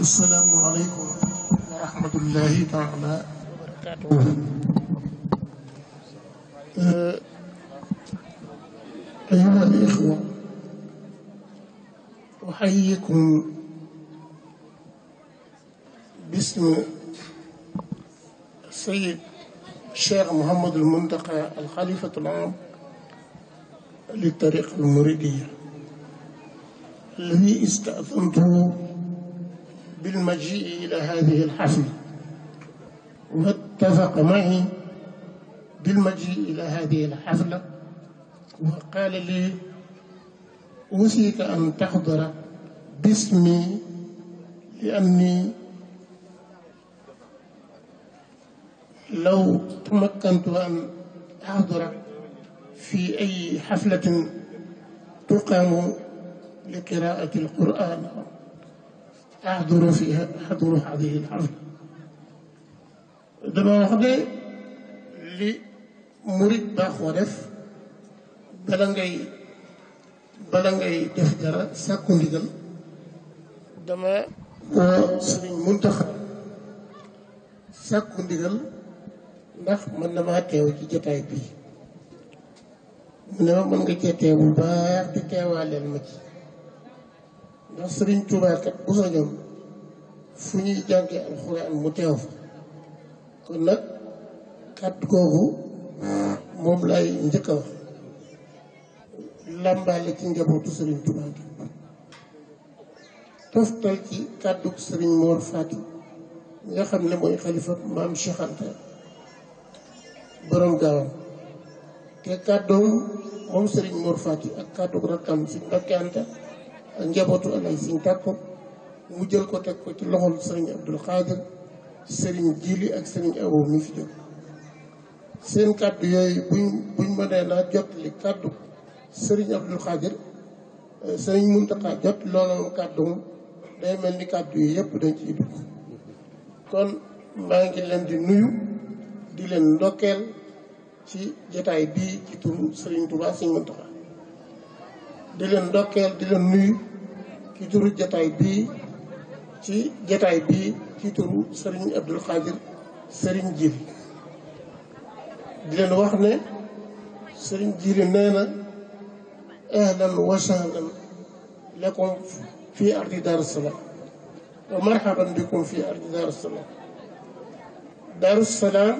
asalaamualeykum wa rahmatullahi taala أيها الإخوة أحييكم باسم السيد الشيخ محمد المنتقى الخليفة العام للطريقة المريدية الذي استأذنته بالمجيء إلى هذه الحفلة واتفق معي بالمجيء إلى هذه الحفلة وقال لي أوصيك أن تحضر باسمي لأني لو تمكنت أن أحضر في أي حفلة تقام لقراءة القرآن axduru fiha xaduru hadihi alxarfa dama wax ne li murit baaxoo def bala ngay bala ngay def dara sàkku ndigal dama woo sëriñ sàkku ndigal ndax mën na maa teew ci jotaay bii mu ne ma mën nga cee teew baax te teewaaleel ma ci ndax sëriñ Tuubaa kat bu soñoom fu ñuy jànge alxuraan mu teew fa kon nag kat googu moom lay njëkka a wax ci njabootu sëriñ Tuubaa toftal ci kàddu sëriñ Mor Fati nga xam ne mooy xalifa maam Cheikh Anta borom gaawam te kàddoom moom sëriñ Mor Fati ak kàddu rakkam si Mbàkke Anta njabootu alay siñ tàkko mu jël ko teg ko ci loxol sëriñ Abdul Xaadir sëriñ Jili ak sëriñ Awo mi fi jóg seen kàddu yooyu buñ buñ mënee naa jot li kàddu sëriñ Abdul Xaadir euh, sëriñ Muntaxa jot loolu kàddu day mel ni kàddu yi yëpp dañ ciy dugg kon maa ngi leen di nuyu di leen ndokkeel ci jotaay bii ci turu sëriñ Tuubaa sëriñ Muntaxa di leen ndokkeel di leen nuyu ci turu jataay bii ci jataay bii ci turu Serigne Abdou Khadre Serigne Djily di leen wax ne sëriñ Djily nee na ahlan wa sahlan lakum ardi Darou marhaban bikum fii ardi Darou Salam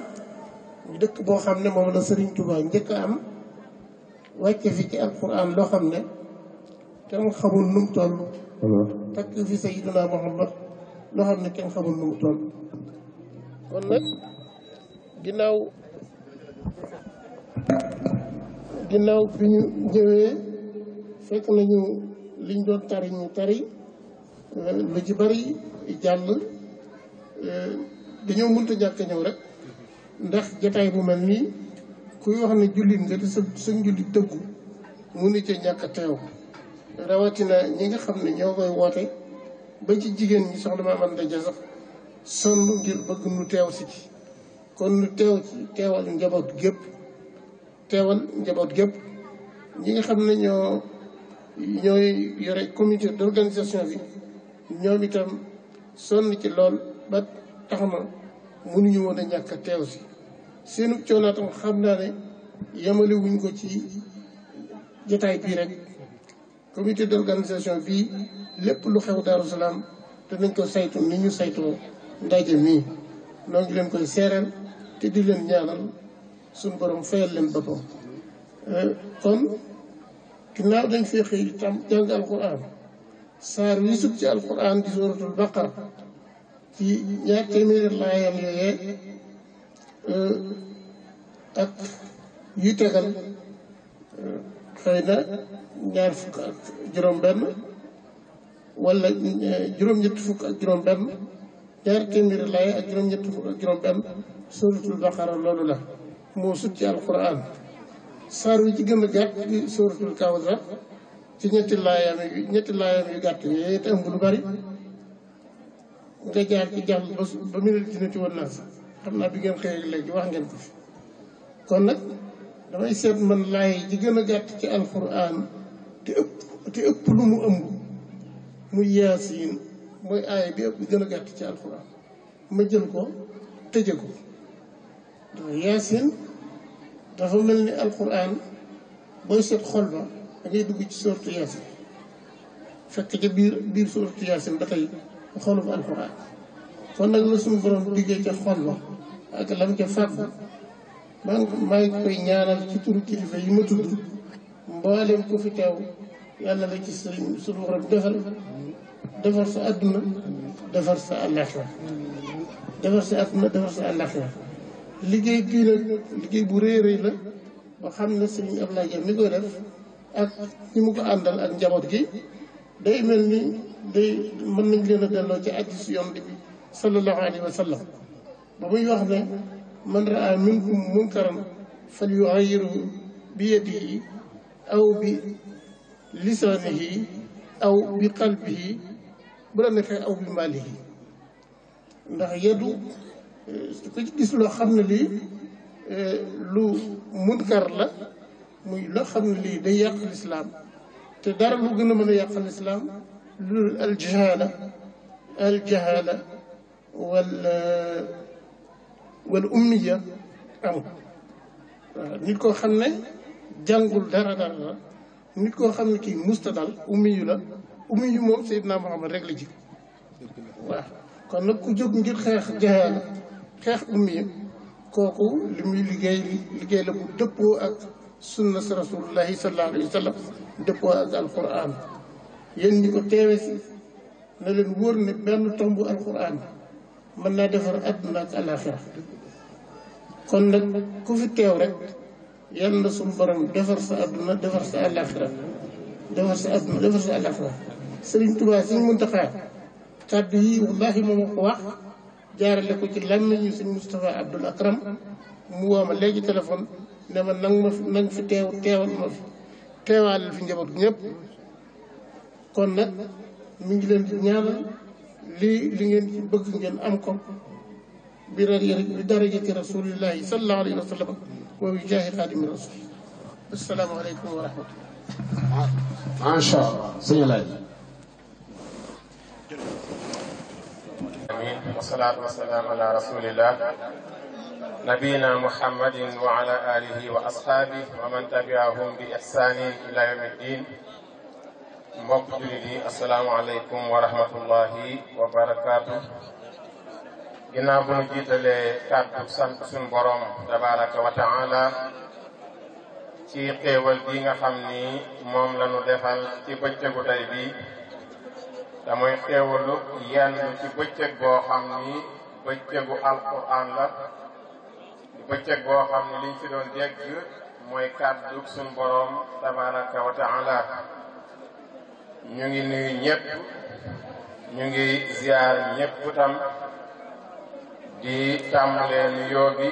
dëkk boo xam ne moom la Serigne Touba njëkk a am wàcce fi ci alquran loo xam ne kenn xamul num toll takk si Sayyidina Muhammad loo xam ne kenn xamul nu mu toll kon nag ginnaaw ginnaaw bi ñu ñëwee fekk nañu liñ doon tari ñu tari lu ci bari jàll dañoo mënta ñàkk ñëw rek ndax jataay bu mel nii kuy wax ne jullit nga te sa sa dëggu mu ni ñàkk teew rawatina ñi nga xam ne ñoo koy woote ba ci jigéen ñi soxna Maam Anta Dia sax sonn ngir bëgg teew si ci kon nu teew ci teewal njaboot gépp teewal njaboot gépp ñi nga xam ne ñoo ñooy yore comité d'organisation bi ñoom itam sonn ci lool ba tax na mënuñu woon a ñàkk a teew si seenu coonaatam xam naa ne yamale ko ci jataay bii rek comité d'organisation bi lépp lu xew Daaru Salaam danañ ko saytu ni ñu saytoo ndaje mii noo ngi leen koy seereel te di leen ñaanal suñu borom fayal leen boppam euh, kon ginnaaw dañ fee xëy tam jàng alquran saar wi sub ci alquran di suratul baqara ci ñaar téeméeri laayam yooyee euh, ak yi tegal euh, xëy na ñaar fukk ak juróom-benn wala eh, juróom-ñett fukk ak juróom-benn ñaar téeméeri laay ak juróom-ñett fukk ak juróom-benn sóoratul baqara loolu la moo sut ci alquran saar wi ci gën a gàtt di sóoratul kawsar ci ñetti laayaam yu ñetti laayaam yu gàtt yi te ëmb lu bari nga jaar ci jàll ba ba minal jinnati wan xam naa bi ngeen xëyee léegi wax ngeen ko fi kon nag damay seet man laaye ji gën a gàtt ci alquran te ëpp te ëpp lu mu ëmb muy yaasiin mooy aaya bi ëpp gën a gàtt ci alquran ma jël ko tëje ko donc yaasiin dafa mel ni alquran booy seet xol ba da dugg ci sortu yaasiin fekk ca biir biir sortu yaasiin ba tey xolub alquran kon nag la suñu borom liggéey ca xol ba ak lam ca fàggu man maa ngi koy ñaanal ci turu kilifa yi ma tudd mboolem ku fi teew yàlla la ci sëriñ suñu borom defal defar sa adduna defar sa àllaxira defar sa adduna defar sa àllaxira liggéey bii nag liggéey bu rëy rëy la ba xam ne sëriñ Abdoulaye Dia mi koy def ak ñi mu ko àndal ak njaboot gi day mel ni day mën nañ leen a delloo ci hadiis Yonent bi sallallahu alayhi wa sallam wax ne man raa minkum munkaran fal yuxayiru bi yadihi aw bi lisaanihi aw bi qalbihi bu a neexee aw bi maalihi ndax yadu eh, ku ci gis loo xam ne lii eh, lu munkar la muy loo xam ne lii day yàq lislaam te dara lu gën a mën a yàq lislaam lu aljahala aljahala wala wala ummiya amul waaw nit koo xam ne jàngul dara dara la nit koo xam ne kii musta dal ummiyu la ummiyu moom Seydina Muhammad rek la ji waaw kon nag ku jóg ngir xeex jahaala xeex ummiyu kooku li muy liggéey liggéey la bu dëppoo ak sunna si rasulullahi sallallahu alayhi dëppoo ak alquran yéen ñi ko teewe si na leen wóor ne benn tomb alquran mën naa defar àdduna ak alaxira kon nag ku fi teew rek yal na suñu borom defar sa àdduna defar sa àllaaxira defar sa àdduna defar sa àllaaxira sëriñ Tuubaa suñ Muntaxaa kàddu yi wallaahi moom ko wax jaarale ko ci làmmiñu suñ Moustapha Abdoul Akram mu woo ma léegi téléphone ne ma nang ma fi teew teewal ma fi teewaalal fi njaboot ñëpp kon nag mi ngi leen di li ngeen ci bëgg ngeen am ko بدرجة رسول الله صلى الله عليه وسلم ووجاه خادم الرسول السلام عليكم ورحمة الله ما شاء الله سيلا آمين والصلاة والسلام على رسول الله نبينا محمد وعلى آله وأصحابه ومن تبعهم بإحسان إلى يوم الدين mbokk jullit yi asalaamaaleykum wa rahmatullahi wa barakaatu ginnaaw bu nu jiitalee kàddu sant suñu borom tabaraka wa taala ci xéewal gi nga xam ni moom la ñu defal ci bëccëgu tey bi te muy xéewalu yenn ci bëccëg boo xam ni bëccëgu alquran la bëccëg boo xam ni liñ fi doon dégg mooy kàddu suñu borom tabaraka wa taala ñu ngi nuyu ñëpp ñu ngi ziar ñëpp tam di tàmbalee nuyoo bi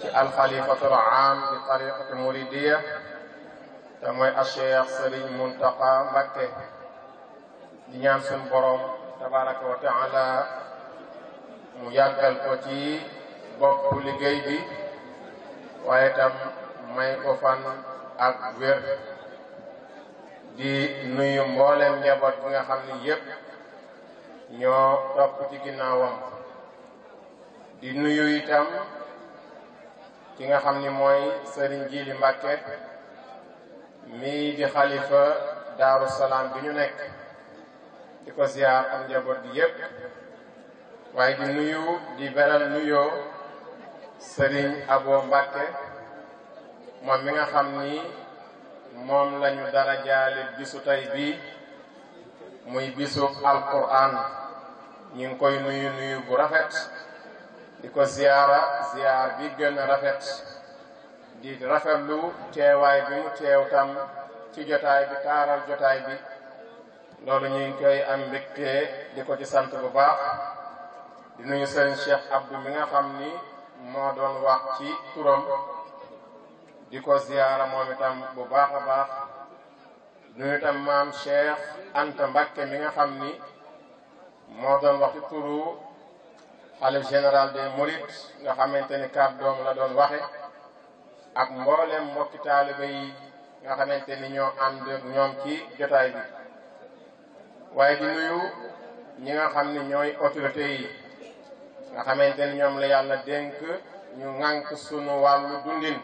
ci alxalifatul aam bi tariqati muridiya te mooy acheikh sëriñ mbakke di ñaan suñ borom tabaraka wa taala mu yàggal ko ci liggéey bi waaye tam may ko fan ak wér di nuyu mboolem njaboot bi nga xam ni yépp ñoo topp ci ginnaawam di nuyu itam ki nga xam ni mooy sëriñ Jili Mbàkke mii di xalifa Daaru Salaam ñu nekk di ko am njaboot bi yépp waaye di nuyu di beral nuyoo sëriñ Abo Mbàkke moom mi nga xam ni moom lañu dara jaale bisu tey bii muy bisu alquran ñu ngi koy nuyu nuyu bu rafet di ko ziyaara ziyaar bi gën a rafet di rafetlu teewaay bi mu teew tam ci jotaay bi taaral jotaay bi loolu ñu ngi koy am mbégte di ko ci sant bu baax di nuyu sëriñ Cheikh Abdou mi nga xam ni moo doon wax ci turam di ko ziyaara moom itam bu baax a baax nuyu itam maam Cheikh Anta Mbakke mi nga xam ni moo doon wax ci turu xalif général des Mourides nga xamante ni kàddoom la doon waxe ak mboolem mbokki taalibe yi nga xamante ni ñoo am ak ñoom ci jotaay bi waaye di nuyu ñi nga xam ni ñooy autorité yi nga xamante ni ñoom la yàlla dénk ñu ŋànk sunu wàllu dundin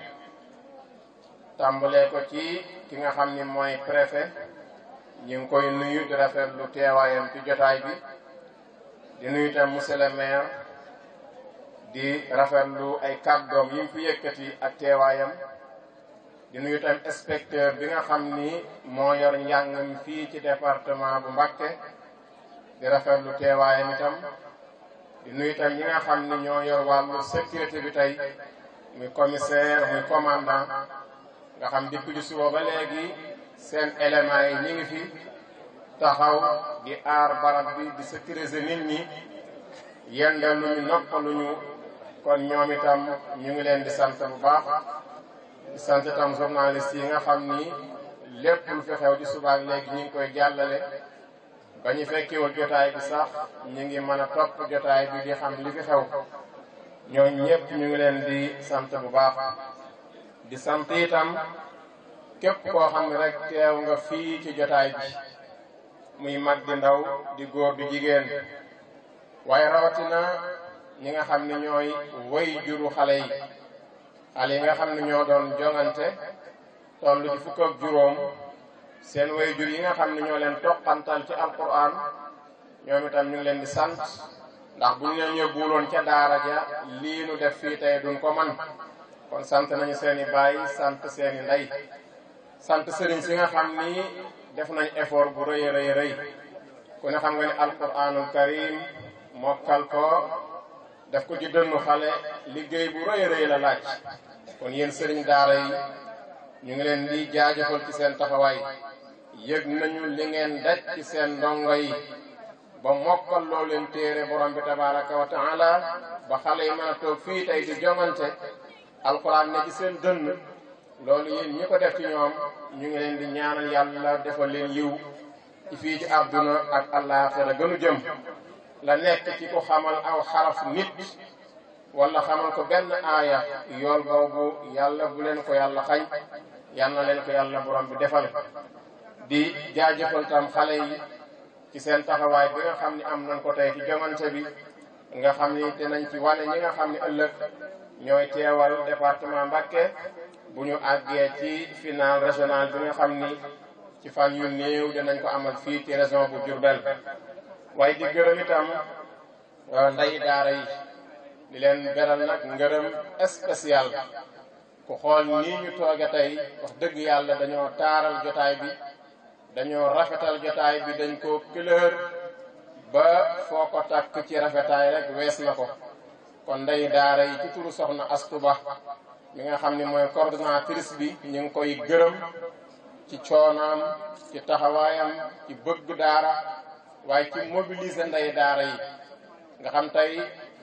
tàmbalee ko ci ki nga xam ni mooy préfet ñi ngi koy nuyu di rafetlu teewaayam ci jotaay bi di nuyu tam monsieur le maire di rafetlu ay kàddoom yi mu fi yëkkati ak teewaayam di nuyu inspecteur bi nga xam ni moo yor njàng mi fii ci département bu Mbacké di rafetlu teewaayam itam di nuyu tam ñi nga xam ni ñoo yor wàllu sécurité bi tey muy commissaire muy commandant nga xam di ci suba ba léegi seen éléments yi ñu ngi fi taxaw di aar barab bi di sécuriser nit ñi yendal lu noppaluñu kon ñoom itam ñu ngi leen di sant bu baax di sant itam journaliste yi nga xam ni lépp lu fi xew di subaak ñu ngi koy jàllale ba ñu fekkewul jotaay bi sax ñu ngi mën a topp jotaay bi di xam li fi xew ñoo ñëpp ñu ngi leen di sant bu baax di sant itam képp koo xam rek teew nga fii ci jotaay bi muy mag di ndaw di góor di jigéen waaye rawatina ñi nga xam ne ñooy way juru xale yi xale yi nga xam ne ñoo doon jongante toll ci fukk ak juróom seen way jur yi nga xam ne ñoo leen toqantal ci alquran ñoom itam ñu ngi leen di sant ndax bu ñu leen yóbbuuloon ca daara ja lii nu def fii tey duñ ko man kon sant nañu seeni i baay sant seeni i sant sëriñ si nga xam ni def nañu effort bu rëy rëy rëy ku ne xam nga ne alquranul karim mokkal ko def ko ci dënnu xale liggéey bu rëy rëy la laaj kon yéen sëriñ daara yi ñu ngi leen di jaajëfal ci seen taxawaay yëg nañu li ngeen ci seen ndongo yi ba mokkal loo leen téere borom bi tabaraka wa taala ba xale yi mën toog fii tey di jongante alxuraan ne ci seen dënn loolu yéen ñi ko def ci ñoom ñu ngi leen di ñaanal yàlla defal leen yiw ci fii ci àdduna ak àllaaxira gënu jëm la nekk ci ko xamal aw xaraf nit wala xamal ko benn aaya yool boobu yàlla bu leen ko yàlla xañ yal na leen ko yàlla borom bi defal di jaajëfal tam xale yi ci seen taxawaay bi nga xam ni am nañ ko tey ci jamante bi nga xam ni nañ ci wane ñi nga xam ni ëllëg ñooy teewal département Mbacké bu ñu àggee ci final régional bi nga xam ni ci fan yu néew nañ ko amal fii ci région bu Diourbel waaye di gërëm itam nday daara yi di leen beral nag ngërëm spécial ku xool nii ñu tooge tey wax dëgg yàlla dañoo taaral jotaay bi dañoo rafetal jotaay bi dañ ko couleur ba foo ko takk ci rafetaay rek wees na ko kon ndey daara yi ci turu soxna astuba mi nga xam ni mooy coordonnatrice bi ñu ngi koy gërëm ci coonaam ci taxawaayam ci bëgg daara waaye ci mobilise ndey daara yi nga xam tey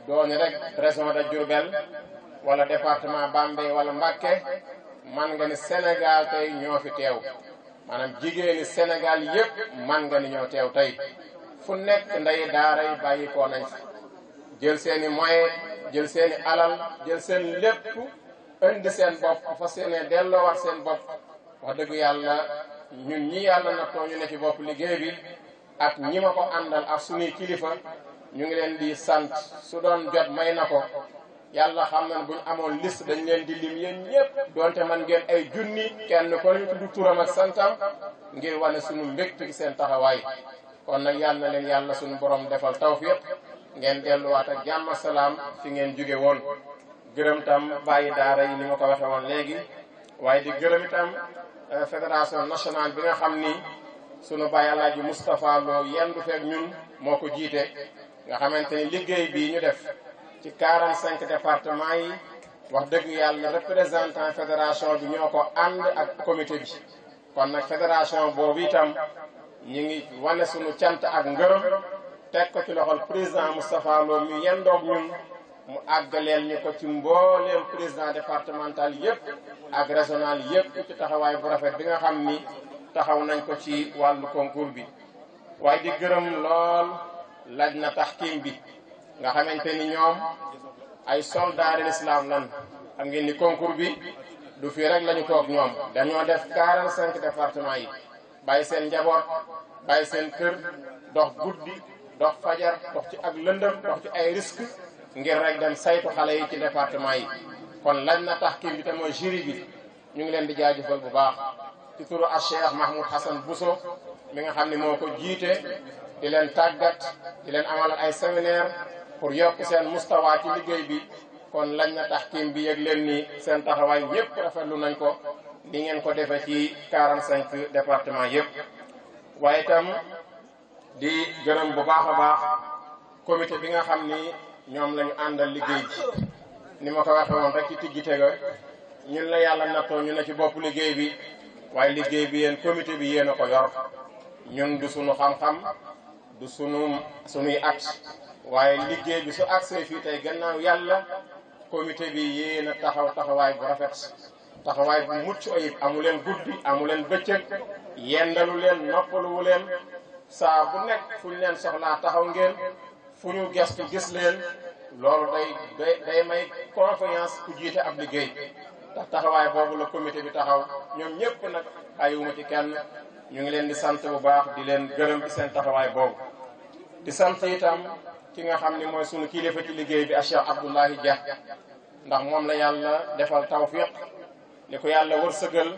dooni rek région de Diourbel wala département Bambey wala Mbacké man nga ni Sénégal tey ñoo fi teew maanaam jigéeni Sénégal yépp man nga ni ñoo teew tey fu nekk ndey daara yi bàyyi koo nañ fi jël seeni moyens jël seeni alal jël seen lépp indi seen bopp fa seene delloo wax seen bopp wax dëgg yàlla ñun ñi yàlla nattoo ñu ne bopp liggéey bi ak ñi ma ko àndal ak suñuy kilifa ñu ngi leen di sant su doon jot may na ko yàlla xam na ne buñ amoon liste dañ leen di lim yéen ñëpp man ngeen ay junni kenn ko ñu tudd turam ak santam ngir wane suñu mbégte ci seen taxawaay kon nag yàlla na leen yàlla suñu boroom defal tawfiq ngeen delluwaat ak jàmm salaam fi ngeen jóge woon gërëm tam bàyyi daara yi ni ma ko waxe woon léegi waaye di gërëm itam euh, fédération bi nga xam ni sunu baay Alaaji Moustapha Lo yendu feeg ñun moo ko jiite nga xamante ni liggéey bii ñu def ci cinq départements yi wax dëgg yàlla représentant fédération bi ñoo ko ànd ak comité bi kon nag fédération boobu itam ñi ngi wane sunu cant ak ngër teg ko ci loxol président Moustapha Lo mi yendoog ñun mu àggaleel ñu ko ci mbooleem président départemental yëpp ak régional yëpp ci taxawaay bu rafet bi nga xam ni taxaw nañ ko ci wàllu concours bi waaye di gërëm lool laaj na taxkim bi nga xamante ni ñoom ay soldat de lan xam ngeen ni concours bi du fii rek lañu toog ñoom dañoo def 45 département yi bàyyi seen njaboot bàyyi seen kër dox guddi dox fajar dox ci ak lëndëm dox ci ay risque ngir rek dem saytu xale yi ci département yi kon lañ na taxkim bi te mooy jury bi ñu ngi leen di jaajëfal bu baax ci turu a Cheikh Mahmoud Hassan Bousso mi nga xam ne moo ko jiite di leen tàggat di leen amalal ay séminaire pour yokk seen mustawa ci liggéey bi kon lañ na tahkim bi yëg leen ni seen taxawaay yépp rafetlu nañ ko ni ngeen ko defe ci 45 département yépp waaye itam di gërëm bu baax a baax comité bi nga xam ni ñoom lañu àndal liggéey bi ni ma ko waxee woon rek ci tijji tega ñun la yàlla nattoo ñu ne ci bopp liggéey bi waaye liggéey bi yéen comité bi yéen a ko yor ñun du sunu xam-xam du sunu sunuy at waaye liggéey bi su agsee fii tey gannaaw yàlla comité bi yéen taxaw taxawaay bu rafet taxawaay bu mucc ay amu leen guddi amu leen bëccëg yendalu leen noppaluwu leen saa bu nekk fu ñu leen soxlaa taxaw ngeen fu ñu gestu gis leen loolu day day day may confiance ku jiite ab liggéey ndax taxawaay boobu la comité bi taxaw ñoom ñëpp nag bàyyiwuma ci kenn ñu ngi leen di sant bu baax di leen gërëm seen taxawaay boobu di sant itam ki nga xam ni mooy sunu kilifa ci liggéey bi a Cheikh Abdoulahi Dia ndax moom la yàlla defal tawfiq ni ko yàlla wërsëgal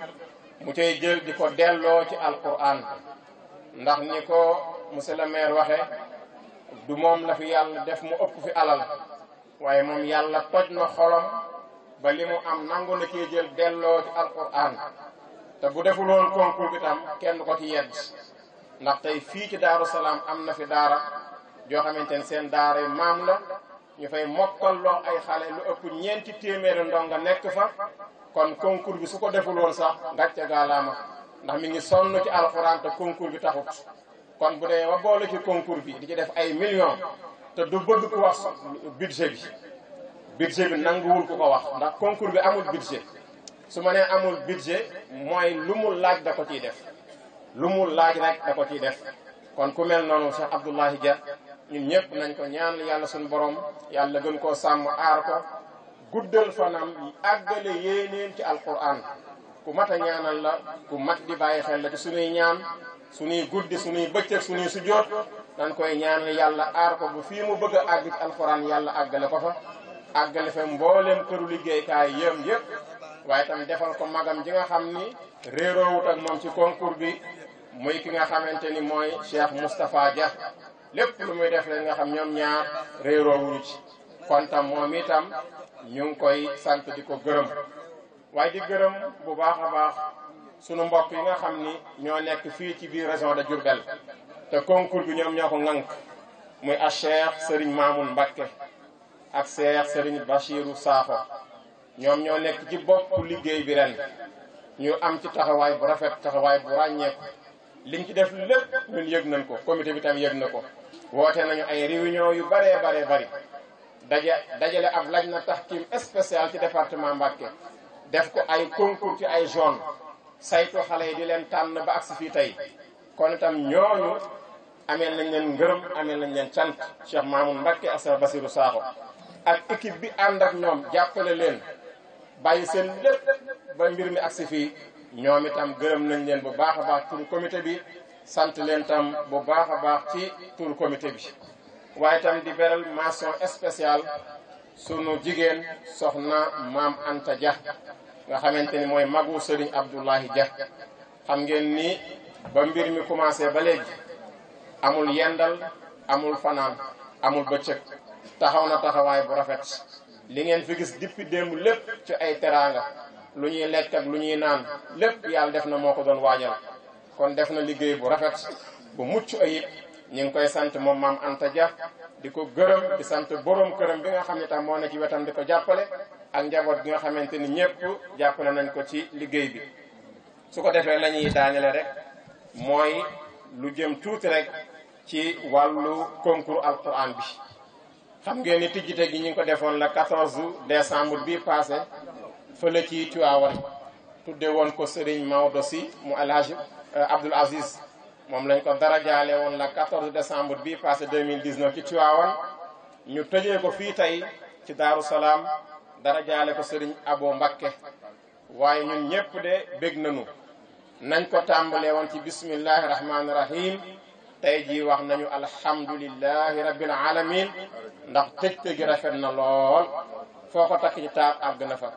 mu cay jël di ko delloo ci alquran ndax ni ko monsieur le maire waxe du moom la fi yàlla def mu ëpp fi alal waaye moom yàlla toj na xolam ba li mu am nangu na cee jël delloo ci alquran te bu defuloon concours bi tam kenn ko ci yedd ndax tey fii ci daaru salaam am na fi daara joo xamante ne seen daara maam la ñu fay mokkal loo ay xale lu ëpp ñeenti téeméeri ndonga nekk fa kon concours bi su ko defuloon sax ngàcce gaalaama ndax mi ngi sonn ci alxuraan te concours bi taxut kon bu dee wa boole ci concours bi di ci def ay million te du bëgg ku wax budget bi budget bi nanguwul ku ko wax ndax concours bi amul budget su ma nee amul budget mooy lu mu laaj da ko ciy def lu mu laaj rek da ko ciy def kon ku mel noonu Cheikh Abdoulahi Dia ñun ñëpp nañ ko ñaan yàlla suñu borom yàlla gën koo sàmm aar ko guddal fanam àggale yéeneen ci alquran ku mat a ñaanal la ku mat di bàyyi xel la ci suñuy ñaan suñuy guddi suñuy bëccëg suñuy sujjoot dañ koy ñaanal yàlla aar ko bu fii mu bëgg a àgg ci alquran yàlla àggale ko fa àggale fa mbooleem këru liggéeykaay yëm yëpp waaye tam defal ko magam ji nga xam ni réeroowut ak moom ci concours bi muy ki nga xamante ni mooy Cheikh Moustapha Dia lépp lu muy def rek nga xam ñoom ñaar réeroowuñu ci kon moom itam ñu ngi koy sant di ko gërëm waaye di gërëm bu baax a baax sunu mbokk yi nga xam ni ñoo nekk fii ci biir région de Diourbel te concours bi ñoom ñoo ko ŋànk muy a Cheikh Serigne Mamoun Mbacké ak Seex Sëriñ Bachiru Saaxo ñoom ñoo nekk ci bopp liggéey bi ren ñu am ci taxawaay bu rafet taxawaay bu ràññeeku liñ ci def lépp ñun yëg nañ ko comité bi tam yëg na ko woote nañu ay réunion yu baree baree bari daje dajale ab laaj na tax team spécial ci département Mbacké def ko ay concours ci ay zone saytu xale yi di leen tànn ba agsi fii tey kon itam ñooñu amee nañ leen ngërëm amee nañ leen cant Cheikh Mamoun Mbacké ak Serigne Bassirou Sakho ak équipe bi ànd ak ñoom jàppale leen bàyyi seen lépp ba mbir mi agsi fii ñoom itam gërëm nañ leen bu baax a baax turu bi sant leen tam bu baax a baax ci turu comité bi waaye tam di beral mention spéciale sunu jigéen soxna maam Anta Dia nga xamante ni mooy magu Serigne Abdoulahi Dia xam ngeen ni ba mbir mi commencé ba léegi amul yendal amul fanaan amul bëccëg taxaw na taxawaay bu rafet li ngeen fi gis depuis démb lépp ci ay teraanga lu ñuy lekk ak lu ñuy naan lépp yàlla def na moo ko doon waajal kon def na liggéey bu rafet bu mucc ayib ñu ngi koy sant moom maam Anta ja di ko gërëm di sant borom këram bi nga xam ne tam moo ne ci wetam di ko jàppale ak njaboot bi nga xamante ni ñëpp ne nañ ko ci liggéey bi su ko defee lañuy ñuy daanele rek mooy lu jëm tuuti rek ci wàllu concours alquran bi xam ngeen ni tijjite gi ñu ngi ko defoon la 14 décembre bii passé fële ci Tiwaawan tudde woon ko Serigne Maodo mu El Hadj euh, Abdoul Aziz moom lañ ko dara jaale woon la 14 decembre bii passé 2019 ci Tiwaawan ñu tëjee ko fii tey ci Daaru Salaam dara jaale ko Serigne Abo Mbakke waaye ñun ñépp de bég nañu nañ ko tàmbalee woon ci bismillahi rahmaani rahim tey jii wax nañu alhamdulillahi rabbil alamin ndax tëjte gi rafet na lool foo ko takk ci taar àgg na fa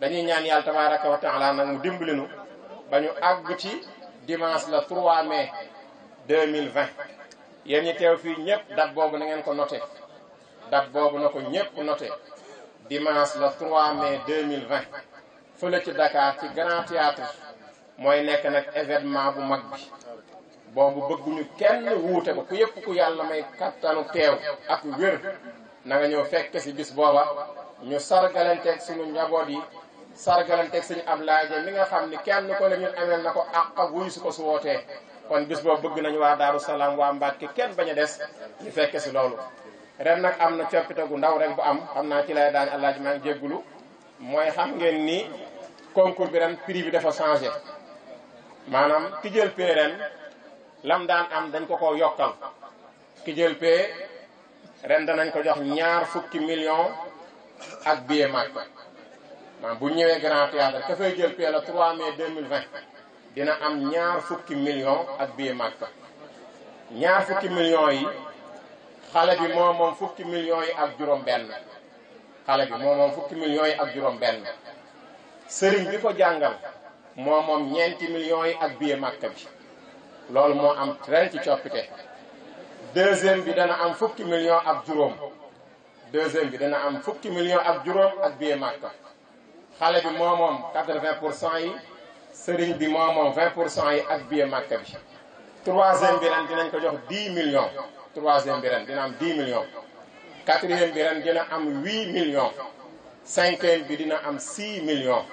dañuy ñaan yàlla tabaraka wa taala nag mu dimbalinu ba ñu àgg ci dimanche la 3 mai 2020 yéen ñi teew fii ñëpp date boobu na ngeen ko noté date boobu na ko ñëpp noté dimanche la 3 mai 2020 fële ci dakaar ci Grand Théâtre mooy nekk nag événement bu mag bi boobu bëgguñu kenn wuute ko ku yëpp ku yàlla may kattanu teew ak wér na nga ñëw fekke si bis booba ñu sargalanteeg suñu njaboot yi sargalanteeg ñu ab laaje mi nga xam ni kenn ko ne ñun amel na ko àq wuyu su ko su wootee kon bis boobu bëgg nañu waa Daaru Salaam waa Mbàkke kenn bañ a des ñu fekke si loolu ren nag am na coppite gu ndaw rek bu am xam naa ci lay daan àllaaji maa ngi jéggulu mooy xam ngeen ni concours bi ren prix bi dafa changé maanaam lam daan am dañ ko ko yokkal ki jël ren danañ ko jox ñaar fukki million ak billet Makka maanaam bu ñëwee Grand Théâtre ka fay jël pee la 3 mai dina am ñaar fukki million ak billet ma ñaar fukki million yi xale bi moo moom fukki million yi ak juróom benn xale bi moo fukki million yi ak juróom benn sëriñ bi ko jàngal moo ñeenti millions yi ak billet Makka bi loolu moo am ren ci coppite deuxième bi dana am fukki million ak juróom deuxième bi dana am fukki million ak juróom ak billet Màkka xale bi moo moom quatre-vingt pour cent yi sëriñ bi moo moom vingt pour cent yi ak billet Màkka bi troisième bi ren ko jox dix millions troisième bi ren dina am million millions quatrième bi ren dina am huit million cinquième bi dina am six millions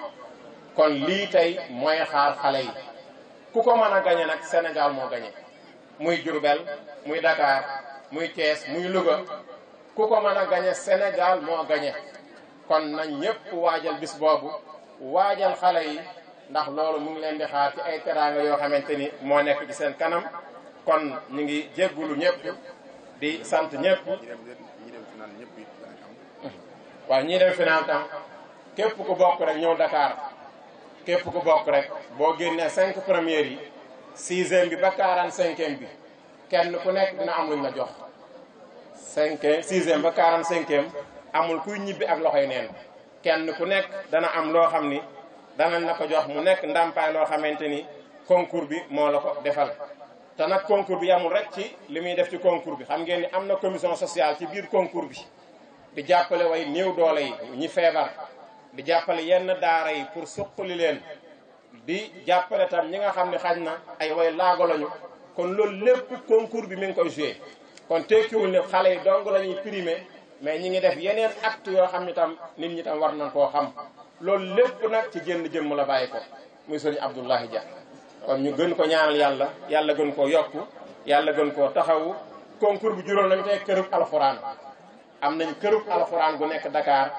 kon lii tey mooy xaar xale yi ku ko mën a gañe nag Sénégal moo gañe muy Diourbel muy Dakar muy Thiès muy Louga ku ko mën a gañe Sénégal moo gañe kon nañ ñëpp waajal bis boobu waajal xale yi ndax loolu mu ngi leen di xaar ci ay teraanga yoo xamante ni moo nekk ci seen kanam kon ñu ngi jéggulu ñëpp di sant ñëpp waaw ñii dem finaan képp ku bokk rek ñëw Dakar képp ku bokk rek boo génnee cinq premières yi sixième bi ba quarante cinquième bi kenn ku nekk dina am luñ jox cinquième sixième ba quarante cinquième amul kuy ñibbi ak loxoy neen kenn ku nekk dana am loo xam ni danañ na ko jox mu nekk ndàmpaay loo xamante ni concours bi moo la ko defal te nag concours bi yamul rek ci li muy def ci concours bi xam ngeen ni am na commission sociale ci biir concours bi di jàppale way néew doole yi ñi feebar di jàppale yenn daara yi pour suqali leen di jàppale tam ñi nga xam ne xaj na ay way laago lañu kon loolu lépp concours bi mi ngi koy joué kon tekkiwul ne xale yi dong la ñuy primé mais ñi ngi def yeneen act yoo xam ne tam nit ñi tam war nañ koo xam loolu lépp nag ci génn jëmm la bàyyi ko muy sëriñ Abdoulahi Dia kon ñu gën ko ñaanal yàlla yàlla gën koo yokk yàlla gën koo taxawu concours bu juróom lañu tey kërub alxuraan am nañ kërub alxuraan gu nekk Dakar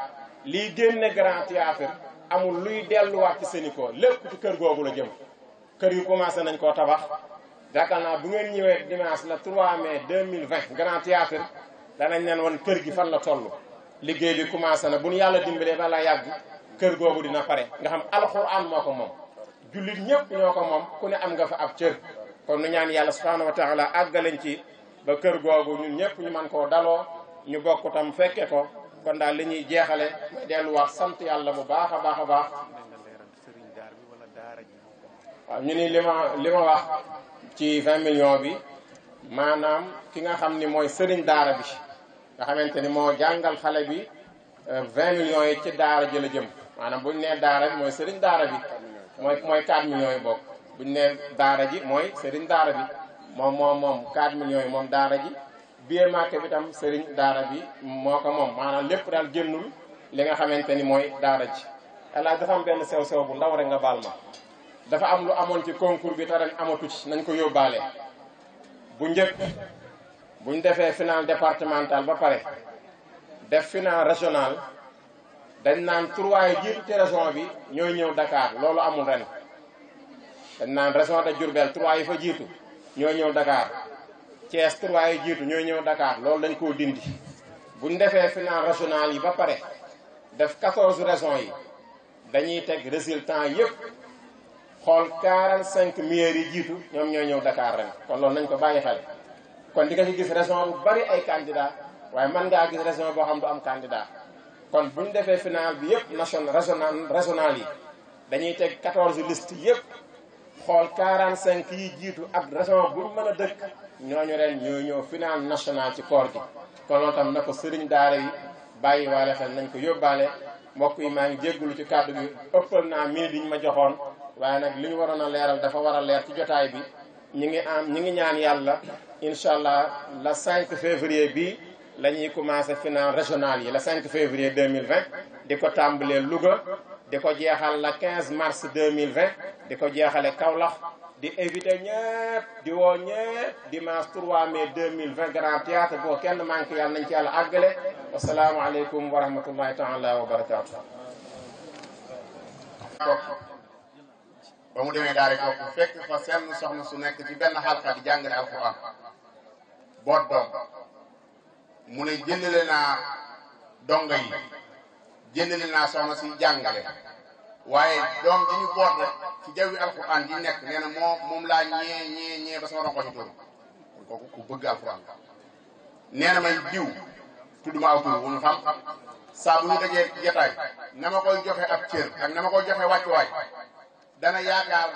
lii génne grand théâtre amul luy delluwaat ci Sénico lépp ci kër googu la jëm kër yu commencé nañ ko tabax yaakaar naa bu ngeen ñëwee dimanche la 3 mai 2020 grand théâtre danañ leen wan kër gi fan la toll liggéey bi commencé na bu nu yàlla dimbalee ba la yàgg kër googu dina pare nga xam alxuraan moo ko moom jullit ñëpp ñoo ko moom ku ne am nga fa ab cër kon nu ñaan yàlla subhaanahu wa taala àggalañ ci ba kër googu ñun ñëpp ñu man koo daloo ñu bokk tam fekke ko kon daal li ñuy jeexale mooy wax sant yàlla bu baax a baax a baax waaw ñu ni li ma wax ci 20 millions bi maanaam ki nga xam ni mooy sëriñ daara bi nga xamante ni moo jàngal xale bi euh, vingt million yi ci daara jël a jëm maanaam bu ñu nee daara bi mooy sëriñ daara bi mooy mooy 4 yi bokk bu ne daara ji mooy sëriñ daara bi moom moom moom 4 yi moom daara ji biir màkk bi tam sëriñ daara bi moo ko moom maanaam lépp daal génnul li nga xamante ni mooy daara ji alaaj dafa am benn sew sew bu ndaw rek nga baal ma dafa am lu amoon ci concours bi ta ren amatu ci nañ ko yóbbaale bu njëkk defee final départemental ba pare def final régional dañ naan trois yi jiitu ci région bi ñooy ñëw Dakar loolu amul ren dañ naan région de Diourbel trois fa jiitu ñooy ñëw Dakar Thiès turwaayu jiitu ñooy ñëw dakaar loolu dañ koo dindi bu ñu defee finance régionale yi ba pare def 14 régions yi dañuy teg résultat yëpp xool 45 meilleurs yi jiitu ñoom ñooy ñëw Dakar ren kon loolu nañ ko bàyyi xel kon di nga ci gis région bu bari ay candidats waaye man ngaa gis région boo xam du am candidat kon bu ñu defee finale bi yëpp national régional régional yi dañuy teg 14 listes yëpp xool 45 yi jiitu ak région bu mën ñu ren ñoo ñëw final national ci koor gi kon loolu na ko sëriñ daara yi bàyyi waale xel nañ ko yóbbaale mbokk yi maa ngi jéggulu ci kàddu gi ëppal naa minute yi ñu ma joxoon waaye nag li ñu waroon a leeral dafa war a leer ci jotaay bi ñi ngi am ñi ngi ñaan yàlla incha allah la 5 février bi la ñuy commencé final régional yi la 5 février 2020 di ko tàmbalee Louga di ko jeexal la 15 mars 2020 di ko jeexale Kaolack di invité ñëpp di woo ñëpp dimanche 3 mai 2020 grand théâtre boo kenn manqué yàlla nañ ci yàlla àggale asalaamaaleykum wa rahmatullahi taala wa barakaatu ba mu demee daal rek bu fekk fa seen soxna su nekk ci benn xalqa di jàngale alquran boot doom mu ne jëndale naa donga yi jëndale naa soxna si jàngale waaye doom ji ñu ci jawwi alquran ji nekk nee na moom moom laa ñee ñee ñee ba sama rongoñ tuuru kooku ku bëgg alquran nee na may diw tudd ma aw tur wu ñu xam saa bu ñu dajee jataay na ma koy joxe ab cër ak na ma koy joxe wàccuwaay dana yaakaar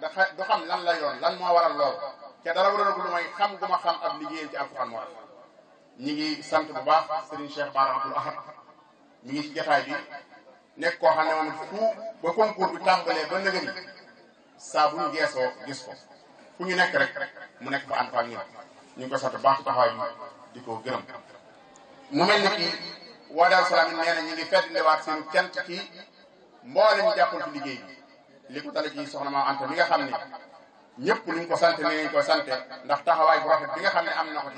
dafa du xam lan la yoon lan moo waral lool ca dara a ko lu may xam gu ma xam ab liggéeyam ci alquran moo tax ñi ngi sant bu baax Serigne Cheikh Bara Abdoul Ahad ñi ngi ci jataay bi nekk koo xam ne moom fu ba concours bi tàmbalee ba nëgëni saa bu ñu geesoo gis ko fu ñu nekk rek mu nekk fa ànd fa ak ñun ñu ngi ko sant baax taxawaay di ko gërëm. mu mel ni kii na ñu ngi fedd ndiwaat seen cant ci mboole ñu jàppal liggéey bi li ko dale ci soxna Maam Anta mi nga xam ne ñëpp luñ ko sant nee nañ ko sante ndax taxawaay bu rafet bi nga xam ne am na ko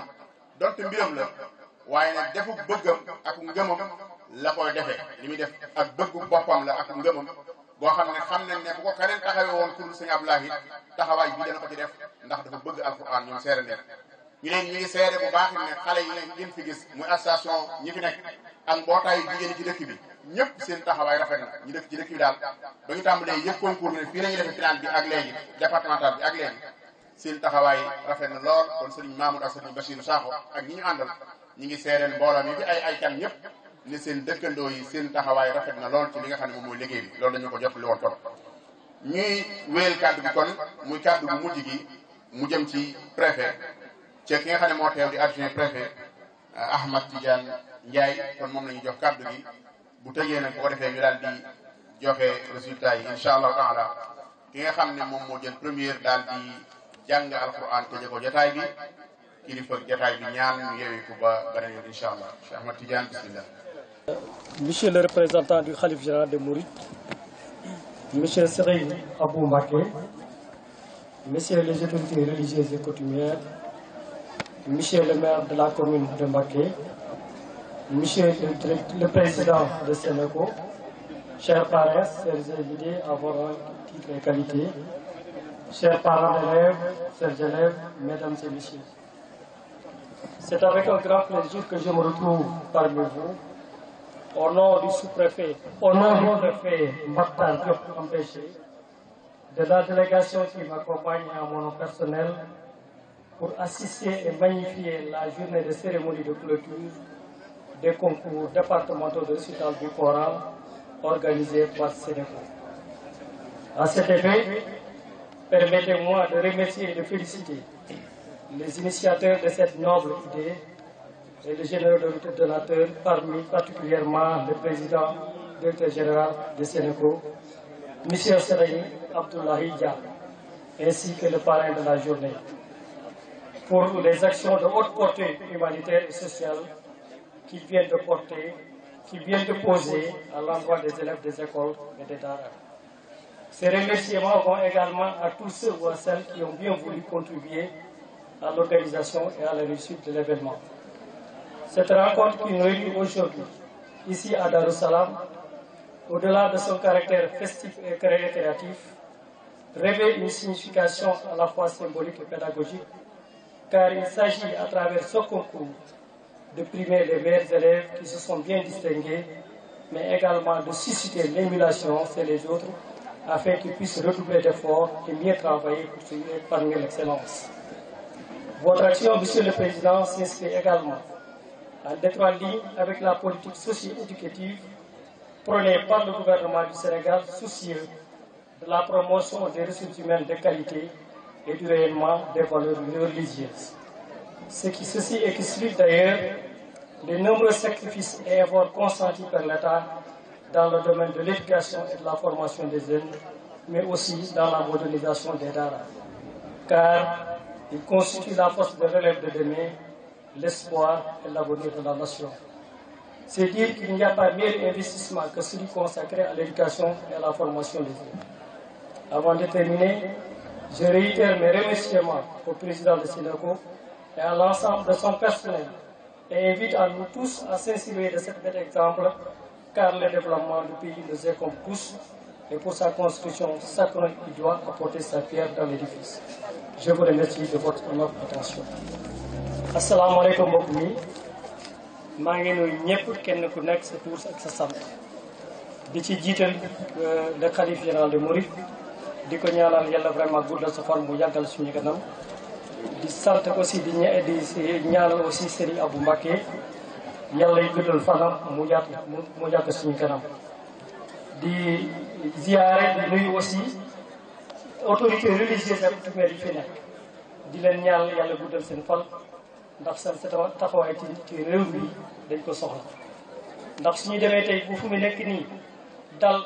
ci mbiram la waaye nag defu bëggam ak ngëmam la koy defee li muy def ak bëggu boppam la ak ngëmam boo xam ne xam nañ ne bu ko keneen taxawee woon pour sëñ Abdoulaye taxawaay bi dana ko ci def ndax dafa bëgg alxuraan ñoom seere leen ñu ngi seere bu baax ne xale yi ne ngeen fi gis muy association ñi fi nekk ak mbootaayu jigéen ñi ci dëkk bi ñëpp seen taxawaay rafet na ñu dëkk ci dëkk bi daal ba ñu tàmbalee yëpp concours ne fii la ñuy defee final bi ak léegi bi ak léegi seen taxawaay rafet na lool kon sëriñ Mamoud ak sëriñ Bachir Sakho ak ñi ñu àndal ñu ngi seereen mbooloo mi fi ay ay kan ñëpp ne seen dëkkandoo yi seen taxawaay rafet na lool ci li nga xam ne moom mooy liggéey bi loolu dañu ko jot li woon kon ñuy wéyal kàddu bi kon muy kàddu bu mujj gi mu jëm ci préfet ci ki nga xam ne moo teew di adjoint préfet ah, Ahmad Tidiane Ndiaye moom la ñu jox kàddu gi bu tëjee nag bu ko defee ñu daal di joxe résultat yi incha allahu taala ki nga xam ne moom moo jël première daal di jàng alquran te ko jotaay bi kilifa jotaay bi ñaan ñu yeewi ko ba beneen yoon incha allah Ahmad Tidiane bismillah Monsieur le représentant du Khalif général de Mouride, Monsieur Serey Abou Mbaké, Monsieur le maire de la commune de Mbaké, Monsieur le, le président de Sénéco, chers parents, chers invités à vos titres et qualités, chers parents d'élèves, chers élèves, mesdames et messieurs. C'est avec un grand plaisir que je me retrouve parmi vous au nom du sous-préfet, au nom du préfet de la délégation qui m'accompagne à mon personnel pour assister et magnifier la journée de cérémonie de clôture des concours départementaux de Sudal du Coran organisés par Sénégal. À cet effet, permettez-moi de remercier et de féliciter les initiateurs de cette noble idée et les généraux de donateurs, parmi particulièrement le président directeur général de Sénéco, M. Seraï Abdullahi Dia, ainsi que le parrain de la journée. Pour les actions de haute portée humanitaire et sociale qui viennent de porter, qui viennent de poser à l'endroit des élèves des écoles et des dards. Ces remerciements vont également à tous ceux ou à celles qui ont bien voulu contribuer à l'organisation et à la réussite de l'événement. Cette rencontre qui nous réunit aujourd'hui, ici à Darussalam, au-delà de son caractère festif et créatif, revêt une signification à la fois symbolique et pédagogique, car il s'agit à travers ce concours de primer les meilleurs élèves qui se sont bien distingués, mais également de susciter l'émulation chez les autres afin qu'ils puissent redoubler d'efforts et mieux travailler pour se épargner l'excellence. Votre action, Monsieur le Président, s'inscrit également Euh, en étroite ligne avec la politique socio-éducative prônée par le gouvernement du Sénégal, soucieux de la promotion des ressources humaines de qualité et du rayonnement des valeurs religieuses. Ce qui ceci explique d'ailleurs les nombreux sacrifices et efforts consentis par l'État dans le domaine de l'éducation et de la formation des jeunes, mais aussi dans la modernisation des DARA. Car il constitue la force de relève de demain l'espoir et l'avenir de la nation. C'est dire qu'il n'y a pas meilleur investissement que celui consacré à l'éducation et à la formation des jeunes. Avant de terminer, je réitère mes remerciements au président de Sénéco et à l'ensemble de son personnel et invite à nous tous à s'inspirer de cet bel exemple car le développement du pays nous est comme tous et pour sa construction sacrée, il doit apporter sa pierre dans l'édifice. Je vous remercie asalaamaaleykum mbokk mi maa ngi nuyu ñëpp kenn ku nekk sa tuur ak sa sant di ci jiital euh, le xalif général de Mouride di ko ñaanal yàlla vraiment guddal sa fan bu yàggal suñu kanam di sant aussi di ña di ñaanal aussi Serigne Abou Mbacké yàlla yi guddal fanam mu yàgg mu suñu kanam di ziare di aussi autorité religieuse ak yi fi nekk di leen ñaan yàlla guddal seen fan. ndax seen taxawaay ci ci réew mi dañ ko soxla ndax suñu demee tey bu fu mu nekk nii dal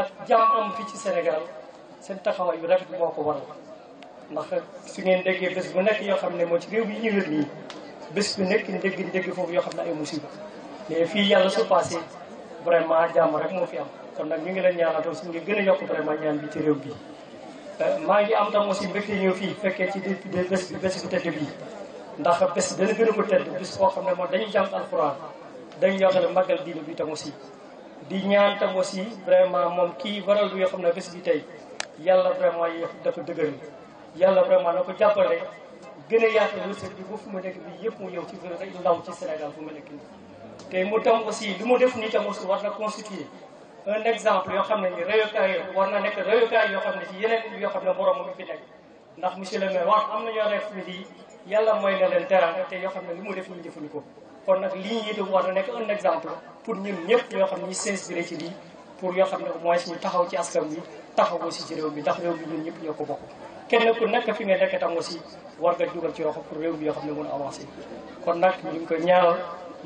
ak jàmm am fii ci Sénégal seen taxawaay yu rafet moo ko waral ndax su ngeen déggee bés bu nekk yoo xam ne moo ci réew bi ñu wér nii bés bu nekk ndégg ndégg foofu yoo xam ne ay musiba mais fii yàlla su passé vraiment jàmm rek moo fi am kon nag ñu ngi leen ñaanatoo su ngi gën a yokk vraiment ñaan bi ci réew bi euh, maa ngi am tam aussi mbégte ñëw fii fekkee ci bés bi bés bu tedd bii ndax bés dana gën a ko tedd bis boo xam ne moom dañuy jàng alxuraan dañuy yoote ne màggal bi tam aussi di ñaan tam aussi vraiment moom kii waral bi yoo xam ne bés bi tey yàlla vraiment y dafa dëgëral yàlla vraiment na ko jàppale gën a yaatu wërsëg bi ba fu mu nekk bi yëpp mu ñëw ci ay ndaw ci Sénégal fu mu nekk nii te mu tam aussi li mu def nii tam aussi war na constituer un exemple yoo xam ne ni royukaay war na nekk royukaay yoo xam ne ci yeneen yoo xam ne moroom mu fi nekk ndax monsieur le yàlla mooy na leen teranga te yoo xam ne li mu def ñu jëfandikoo kon nag lii ñuy def war na nekk un exemple pour ñun ñëpp yoo xam ne ñu pour yoo xam ne au moins ñu taxaw ci askan bi taxaw aussi ci réew bi ndax réew ñun ñëpp ñoo ko bokk kenn ku nekk fi nga nekk tam aussi war nga dugal ci loxo pour réew bi yoo xam ne mën a avancé kon nag ñu ngi ko ñaanal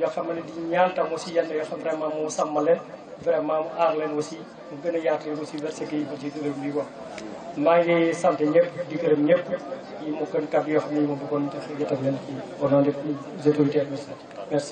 yoo xam ne di ñaan tam aussi yenn yoo xam vraiment mu sàmm leen vraiment mu aar leen aussi mu gën a yaatu leen aussi vers ce qui réew bi wax maa ngi sant ñëpp di gërëm ñëpp yi mu gën kàddu yoo xam ne yi ma bëggoon def jotal leen ci au nom des autorités administratives